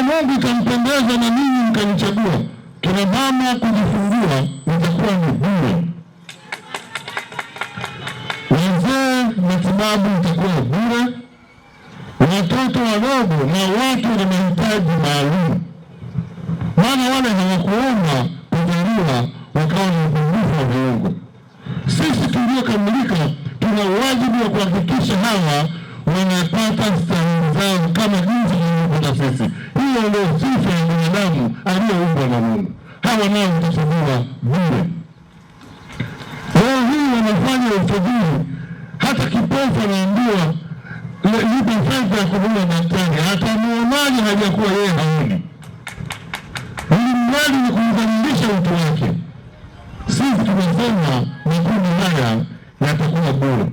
kama Mungu itampendeza na ninyi mkanichagua, kina mama kujifungua itakuwa ni bure, wazee matibabu itakuwa bure, watoto wadogo na watu wenye mahitaji maalum, maana wale hawakuomba kuzaliwa wakawa na upungufu wa viungo. Sisi tuliokamilika tuna wajibu wa kuhakikisha hawa wanapata stahili zao kama jinsi tunavyopata sisi ndio sifa ya binadamu aliyeumbwa na Mungu. Hawa nao mtachaguliwa bure. Leo hii wanafanya uchaguzi, hata kipofu anaambiwa yuko fedha ya kumwona daktari, atamuonaje? Hajakuwa yeye haoni. Mradi ni kumdhalilisha mtu wake. Sisi tumesema makundi haya yatakuwa bure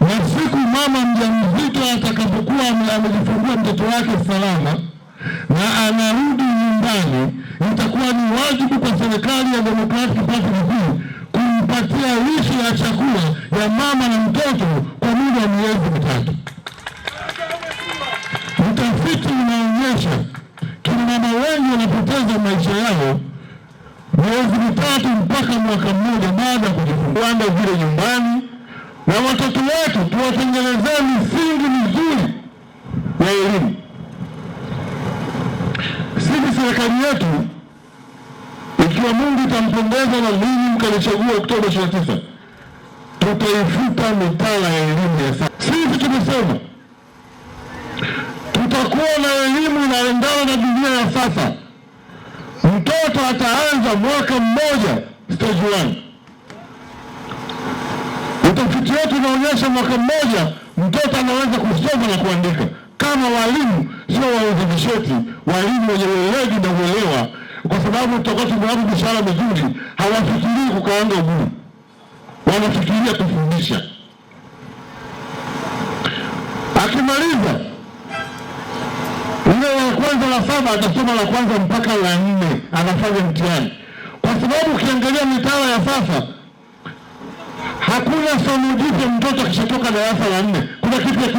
na siku mama mjamzito atakapokuwa amejifungua mtoto wake salama na anarudi nyumbani, itakuwa ni wajibu kwa serikali ya Democratic Party mkuu kumpatia lishe ya chakula ya mama na mtoto kwa muda wa miezi mitatu. Utafiti unaonyesha kina mama wengi wanapoteza maisha yao miezi mitatu mpaka mwaka mmoja baada ya kujifungua. Vile nyumbani na watoto wetu tuwatengenezee misingi mizuri serikali yetu, ikiwa Mungu itampendeza na ninyi mkalichagua Oktoba 29, tutaifuta mitaala ya elimu ya sasa. Sisi tumesema tutakuwa na elimu inaendana na dunia ya sasa. Mtoto ataanza mwaka mmoja stage one. Utafiti wetu unaonyesha mwaka mmoja mtoto anaweza kusoma na kuandika kama walimu sio wauza walimu wenye weledi na uelewa, kwa sababu tutakuwa tumewapa mishahara mizuri. Hawafikirii kukaanga uguu wanafikiria kufundisha. Akimaliza ule la kwanza la saba atasoma la kwanza mpaka la nne, anafanya mtihani, kwa sababu ukiangalia mitaala ya sasa hakuna somo jipya mtoto akishatoka darasa la nne, kuna kitu